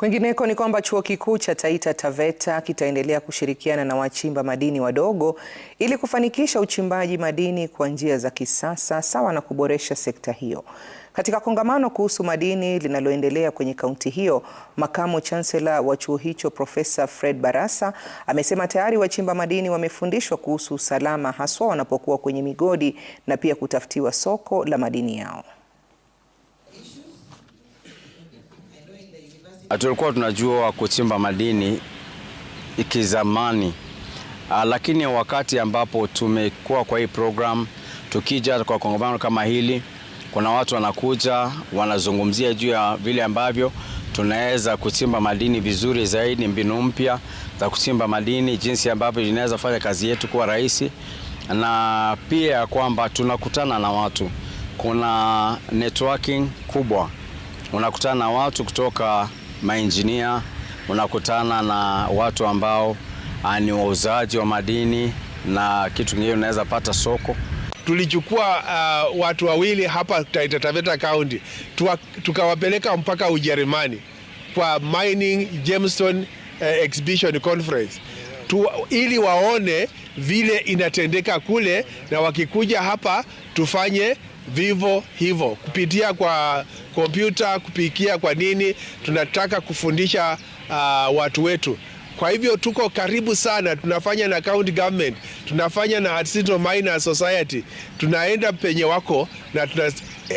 Kwingineko ni kwamba chuo kikuu cha Taita Taveta kitaendelea kushirikiana na wachimba madini wadogo ili kufanikisha uchimbaji madini kwa njia za kisasa sawa na kuboresha sekta hiyo. Katika kongamano kuhusu madini linaloendelea kwenye kaunti hiyo, makamu chansela wa chuo hicho Profesa Fred Barasa amesema tayari wachimba madini wamefundishwa kuhusu usalama, haswa wanapokuwa kwenye migodi na pia kutafutiwa soko la madini yao. Ah, tulikuwa tunajua kuchimba madini ikizamani, ah, lakini wakati ambapo tumekuwa kwa hii program tukija kwa kongamano kama hili, kuna watu wanakuja wanazungumzia juu ya vile ambavyo tunaweza kuchimba madini vizuri zaidi, mbinu mpya za kuchimba madini, jinsi ambavyo inaweza fanya kazi yetu kuwa rahisi, na pia kwamba tunakutana na watu, kuna networking kubwa, unakutana na watu kutoka mainjinia, unakutana na watu ambao ah, ni wauzaji wa madini na kitu kingine unaweza pata soko. Tulichukua uh, watu wawili hapa Taita Taveta County tukawapeleka mpaka Ujerumani kwa Mining Gemstone uh, Exhibition Conference tu, ili waone vile inatendeka kule, na wakikuja hapa tufanye vivo hivyo kupitia kwa kompyuta, kupikia kwa nini, tunataka kufundisha uh, watu wetu. Kwa hivyo tuko karibu sana, tunafanya na county government, tunafanya na Artisanal Miners Society, tunaenda penye wako na eh,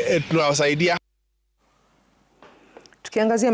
eh, tunawasaidia. Tukiangazia